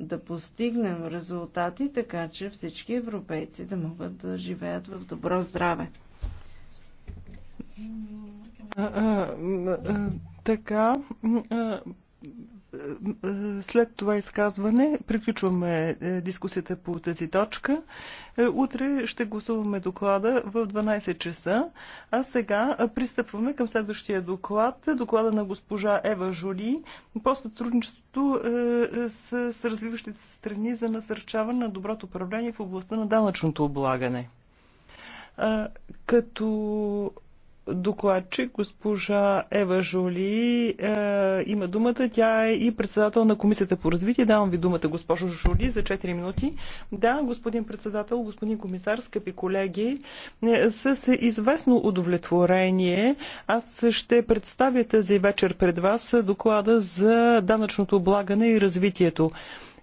да постигнем резултати, така че всички европейци да могат да живеят в добро здраве. А, а, а, така, след това изказване приключваме е, дискусията по тази точка. Е, утре ще гласуваме доклада в 12 часа, а сега е, пристъпваме към следващия доклад, доклада на госпожа Ева Жули по сътрудничеството с, развиващите се страни за насърчаване на доброто управление в областта на данъчното облагане. Като докладчик, госпожа Ева Жоли, е, има думата. Тя е и председател на Комисията по развитие. Давам ви думата, госпожо Жоли, за 4 минути. Да, господин председател, господин комисар, скъпи колеги, е, с известно удовлетворение аз ще представя тази вечер пред вас доклада за данъчното облагане и развитието.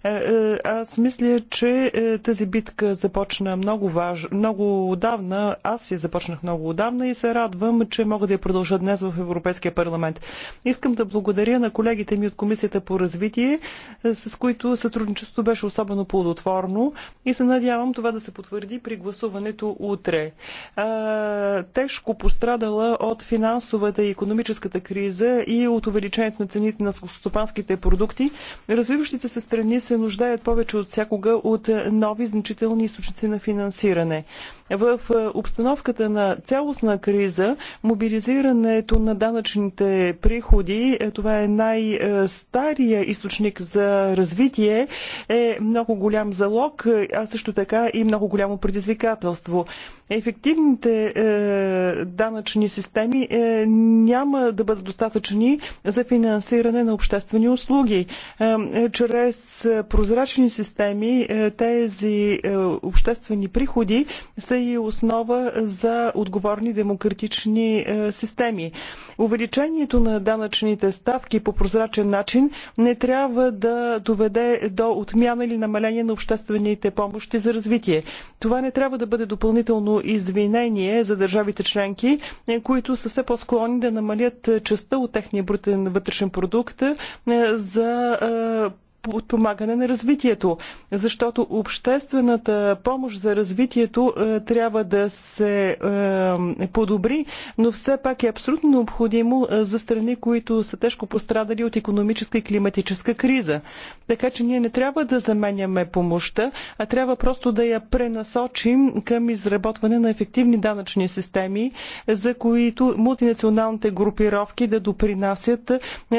Е, е, аз мисля, че е, тази битка започна много, важ... много отдавна. Аз я започнах много отдавна и се радвам, че мога да я продължа днес в Европейския парламент. Искам да благодаря на колегите ми от Комисията по развитие, с които сътрудничеството беше особено плодотворно и се надявам това да се потвърди при гласуването утре. Тежко пострадала от финансовата и економическата криза и от увеличението на цените на скостопанските продукти. Развиващите се страни се нуждаят повече от всякога от нови значителни източници на финансиране. В е, обстановката на цялостна криза, мобилизирането на данъчните приходи, е, това е най-стария източник за развитие, е много голям залог, а също така и много голямо предизвикателство. Ефективните е, данъчни системи е, няма да бъдат достатъчни за финансиране на обществени услуги. Е, е чрез прозрачни системи е, тези е, обществени приходи са и основа за отговорни демократични е, системи. Увеличението на данъчните ставки по прозрачен начин не трябва да доведе до отмяна или намаление на обществените помощи за развитие. Това не трябва да бъде допълнително извинение за държавите членки, които са все по-склонни да намалят частта от техния брутен вътрешен продукт за подпомагане на развитието, защото обществената помощ за развитието е, трябва да се е, подобри, но все пак е абсолютно необходимо е, за страни, които са тежко пострадали от економическа и климатическа криза. Така че ние не трябва да заменяме помощта, а трябва просто да я пренасочим към изработване на ефективни данъчни системи, за които мултинационалните групировки да допринасят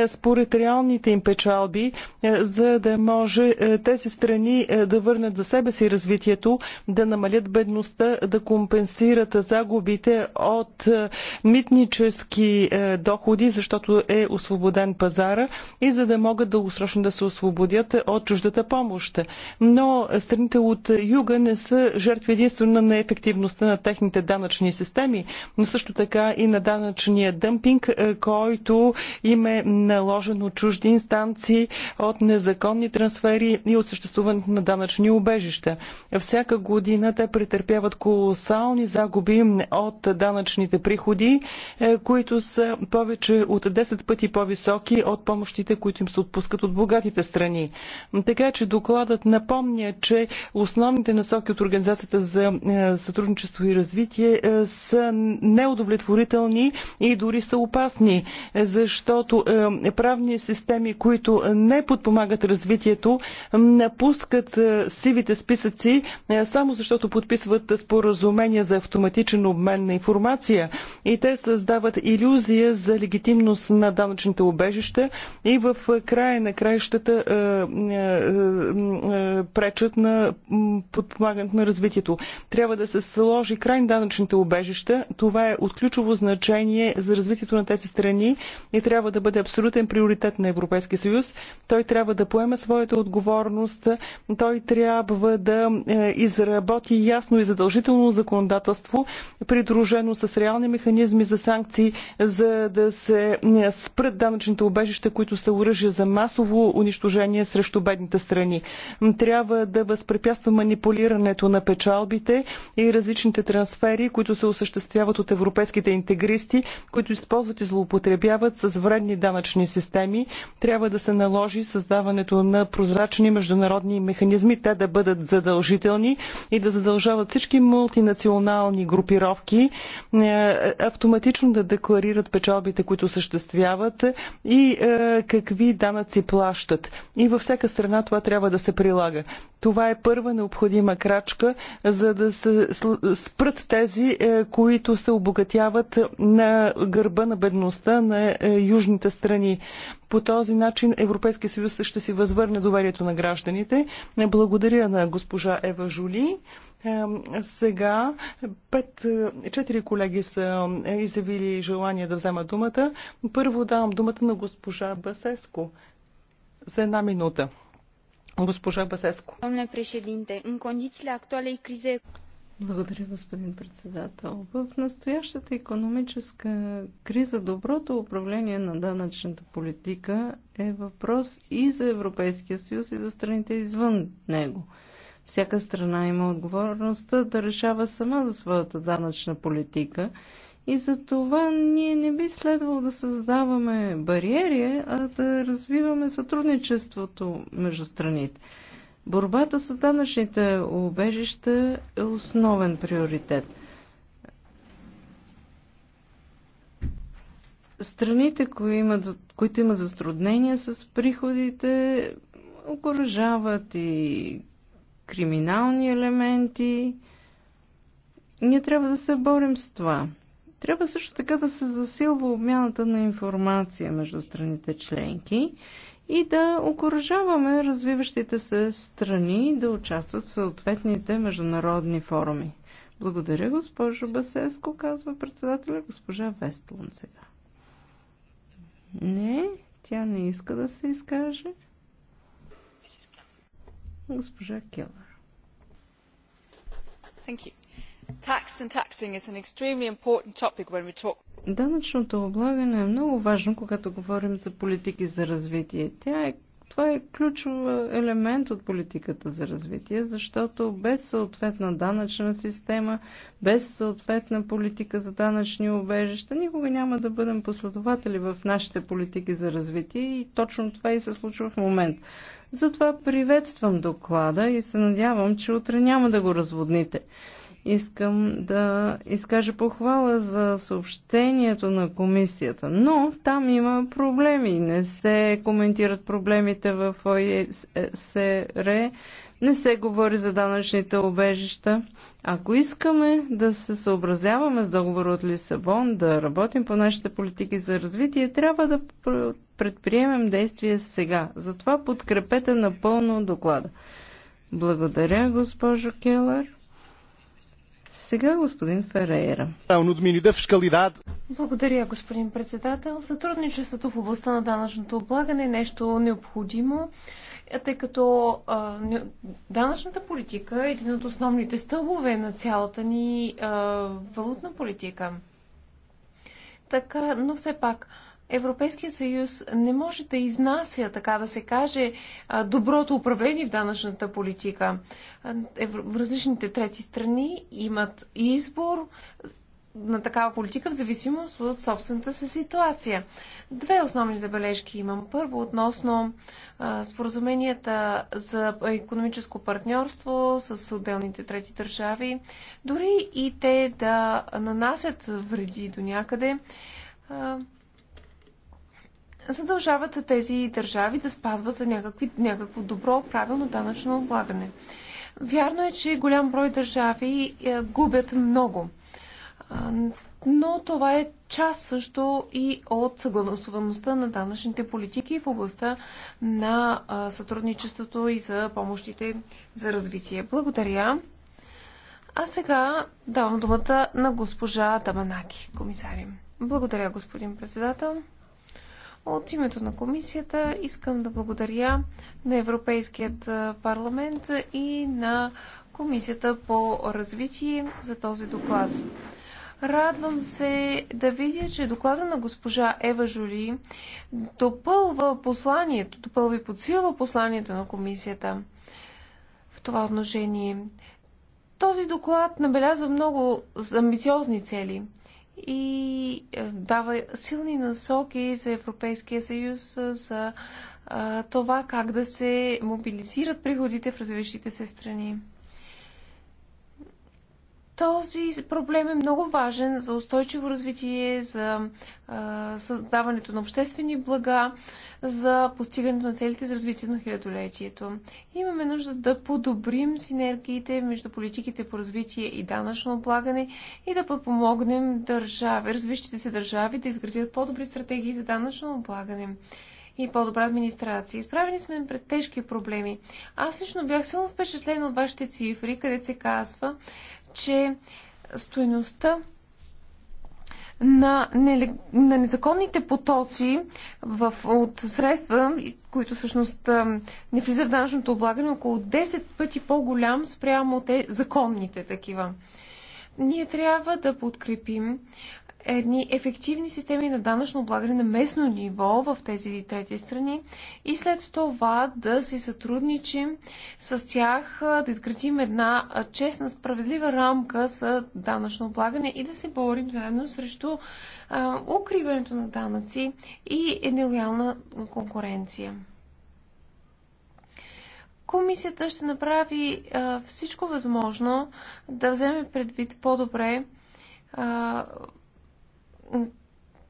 според реалните им печалби за за да може е, тези страни е, да върнат за себе си развитието, да намалят бедността, да компенсират загубите от е, митнически доходи, защото е освободен пазара и за да могат дългосрочно да се освободят от чуждата помощ. Но страните от юга не са жертви единствено на неефективността на техните данъчни системи, но също така и на данъчния дъмпинг, който им е наложен от чужди инстанции, от незаконни незаконни трансфери и от съществуването на данъчни убежища. Всяка година те претърпяват колосални загуби от данъчните приходи, е, които са повече от 10 пъти по-високи от помощите, които им се отпускат от богатите страни. Така че докладът напомня, че основните насоки от Организацията за е, сътрудничество и развитие е, са неудовлетворителни и дори са опасни, защото правни системи, които не подпомагат развитието напускат сивите списъци само защото подписват споразумения за автоматичен обмен на информация и те създават иллюзия за легитимност на данъчните обежища и в края на краищата пречат на подпомагането на развитието. Трябва да се сложи край на данъчните обежища. Това е от ключово значение за развитието на тези страни и трябва да бъде абсолютен приоритет на Европейския съюз. Той трябва да поеме своята отговорност, той трябва да е, изработи ясно и задължително законодателство, придружено с реални механизми за санкции, за да се е, спрат данъчните убежища, които са оръжие за масово унищожение срещу бедните страни. Трябва да възпрепятства манипулирането на печалбите и различните трансфери, които се осъществяват от европейските интегристи, които използват и злоупотребяват с вредни данъчни системи. Трябва да се наложи създаването въвеждането на прозрачни международни механизми, те да бъдат задължителни и да задължават всички мултинационални групировки е, автоматично да декларират печалбите, които съществяват и е, какви данъци плащат. И във всяка страна това трябва да се прилага. Това е първа необходима крачка, за да се спрат тези, е, които се обогатяват на гърба на бедността на южните страни. По този начин Европейския съюз ще си възвърне доверието на гражданите. Е, благодаря на госпожа Ева Жули. Е, сега пет, е, четири колеги са изявили желание да вземат думата. Първо давам думата на госпожа Басеско за една минута. Госпожа Басеско. Domnule președinte, în condițiile actualei crize благодаря, господин председател. В настоящата економическа криза доброто управление на данъчната политика е въпрос и за Европейския съюз, и за страните извън него. Всяка страна има отговорността да решава сама за своята данъчна политика и за това ние не би следвало да създаваме бариери, а да развиваме сътрудничеството между страните. Борбата с данъчните убежища е основен приоритет. Страните, кои имат, които имат затруднения с приходите, окоръжават и криминални елементи. Ние трябва да се борим с това. Трябва също така да се засилва обмяната на информация между страните членки и да окоръжаваме развиващите се страни да участват в съответните международни форуми. Благодаря, госпожо Басеско, казва председателя госпожа Вестлун сега. Не, тя не иска да се изкаже. Госпожа Келър. Thank you. Данъчното облагане е много важно, когато говорим за политики за развитие. Тя е, това е ключов елемент от политиката за развитие, защото без съответна данъчна система, без съответна политика за данъчни обежища, никога няма да бъдем последователи в нашите политики за развитие и точно това и се случва в момент. Затова приветствам доклада и се надявам, че утре няма да го разводните. Искам да изкажа похвала за съобщението на комисията, но там има проблеми. Не се коментират проблемите в ОИСР, е не се говори за данъчните обежища. Ако искаме да се съобразяваме с договора от Лисабон, да работим по нашите политики за развитие, трябва да предприемем действия сега. Затова подкрепете напълно доклада. Благодаря, госпожо Келър. Сега господин Ферейра. Благодаря, господин председател. Сътрудничеството в областта на данъчното облагане е нещо необходимо, е, тъй като а, данъчната политика е един от основните стълбове на цялата ни а, валутна политика. Така, но все пак, а, Европейският съюз не може да изнася, така да се каже, доброто управление в данъчната политика. В различните трети страни имат избор на такава политика в зависимост от собствената си ситуация. Две основни забележки имам. Първо, относно споразуменията за економическо партньорство с отделните трети държави. Дори и те да нанасят вреди до някъде, задължават тези държави да спазват някакви, някакво добро, правилно данъчно облагане. Вярно е, че голям брой държави е, губят много. Но това е част също и от съгласуваността на данъчните политики в областта на сътрудничеството и за помощите за развитие. Благодаря. А сега давам думата на госпожа Таманаки, комисарим. Благодаря, господин председател. От името на комисията искам да благодаря на Европейският парламент и на Комисията по развитие за този доклад. Радвам се да видя, че доклада на госпожа Ева Жули допълва посланието, допълва и подсилва посланието на комисията в това отношение. Този доклад набелязва много амбициозни цели – и е, дава силни насоки за Европейския съюз е, за е, това как да се мобилизират приходите в развиващите се страни. Този проблем е много важен за устойчиво развитие, за създаването на обществени блага, за постигането на целите за развитие на хилядолетието. Имаме нужда да подобрим синергиите между политиките по развитие и данъчно облагане и да подпомогнем държави, развиващите се държави да изградят по-добри стратегии за данъчно облагане и по-добра администрация. Изправени сме пред тежки проблеми. Аз лично бях силно впечатлена от вашите цифри, където се казва, че стоеността на, нелег... на незаконните потоци в... от средства, които всъщност не влизат в данъчното облагане, е около 10 пъти по-голям спрямо те законните такива. Ние трябва да подкрепим едни ефективни системи на данъчно облагане на местно ниво в тези трети страни и след това да си сътрудничим с тях, да изградим една честна, справедлива рамка за данъчно облагане и да се борим заедно срещу а, укриването на данъци и нелоялна конкуренция. Комисията ще направи а, всичко възможно да вземе предвид по-добре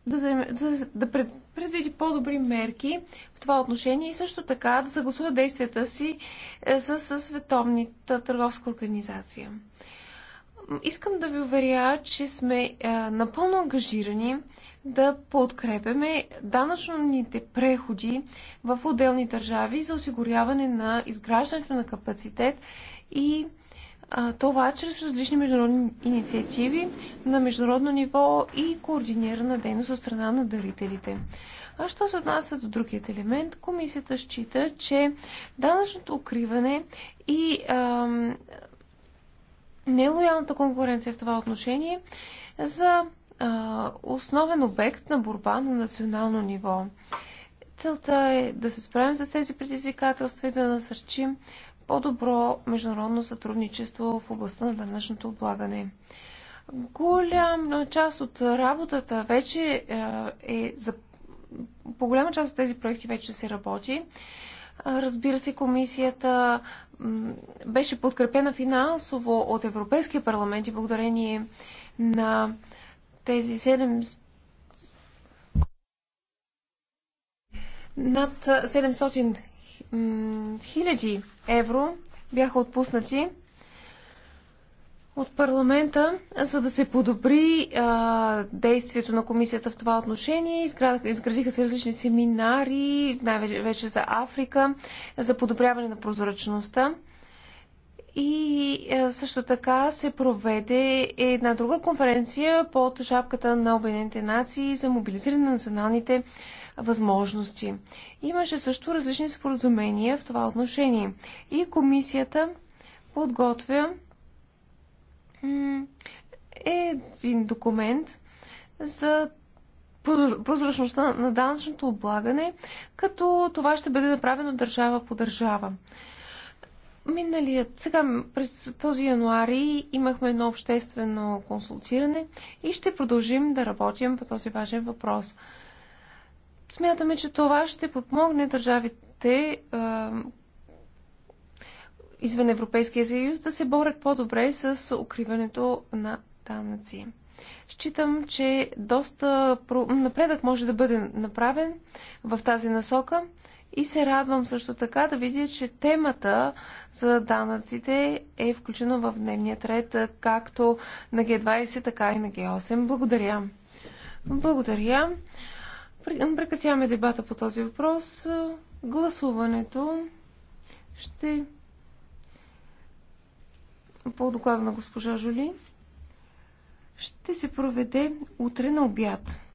да, заеме, да, да пред, предвиди по-добри мерки в това отношение и също така да съгласува действията си е, с, с Световната търговска организация. Искам да ви уверя, че сме а, е, напълно ангажирани да подкрепяме данъчните преходи в отделни държави за осигуряване на изграждането на капацитет и а, това чрез различни международни инициативи на международно ниво и координирана дейност от страна на дарителите. А що се отнася до другият елемент, комисията счита, че данъчното укриване и ам, нелоялната конкуренция в това отношение за а, основен обект на борба на национално ниво. Целта е да се справим с тези предизвикателства и да насърчим по-добро международно сътрудничество в областта на данъчното облагане. Голяма част от работата вече е, е за по голяма част от тези проекти вече се работи. Разбира се, комисията беше подкрепена финансово от Европейския парламент и благодарение на тези 7 над 700 хиляди евро бяха отпуснати от парламента, за да се подобри а, действието на комисията в това отношение. изградиха се различни семинари, най-вече за Африка, за подобряване на прозрачността. И а, също така се проведе една друга конференция под шапката на Обединените нации за мобилизиране на националните възможности. Имаше също различни споразумения в това отношение. И комисията подготвя един документ за прозрачността на данъчното облагане, като това ще бъде направено държава по държава. Миналият, сега през този януари имахме едно обществено консултиране и ще продължим да работим по този важен въпрос. Смятаме, че това ще подмогне държавите извън Европейския съюз да се борят по-добре с укриването на данъци. Считам, че доста напредък може да бъде направен в тази насока и се радвам също така да видя, че темата за данъците е включена в дневния ред, както на Г20, така и на Г8. Благодаря. Благодаря. Прекратяваме дебата по този въпрос. Гласуването ще по доклада на госпожа Жули, ще се проведе утре на обяд.